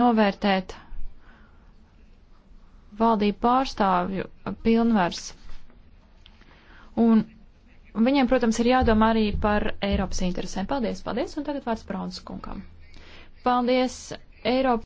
novērtēt valdību pārstāvju pilnvars. Un viņiem, protams, ir jādomā arī par Eiropas interesēm. Paldies, paldies, un tagad vārds Brauns kungam. Paldies, Eiropa.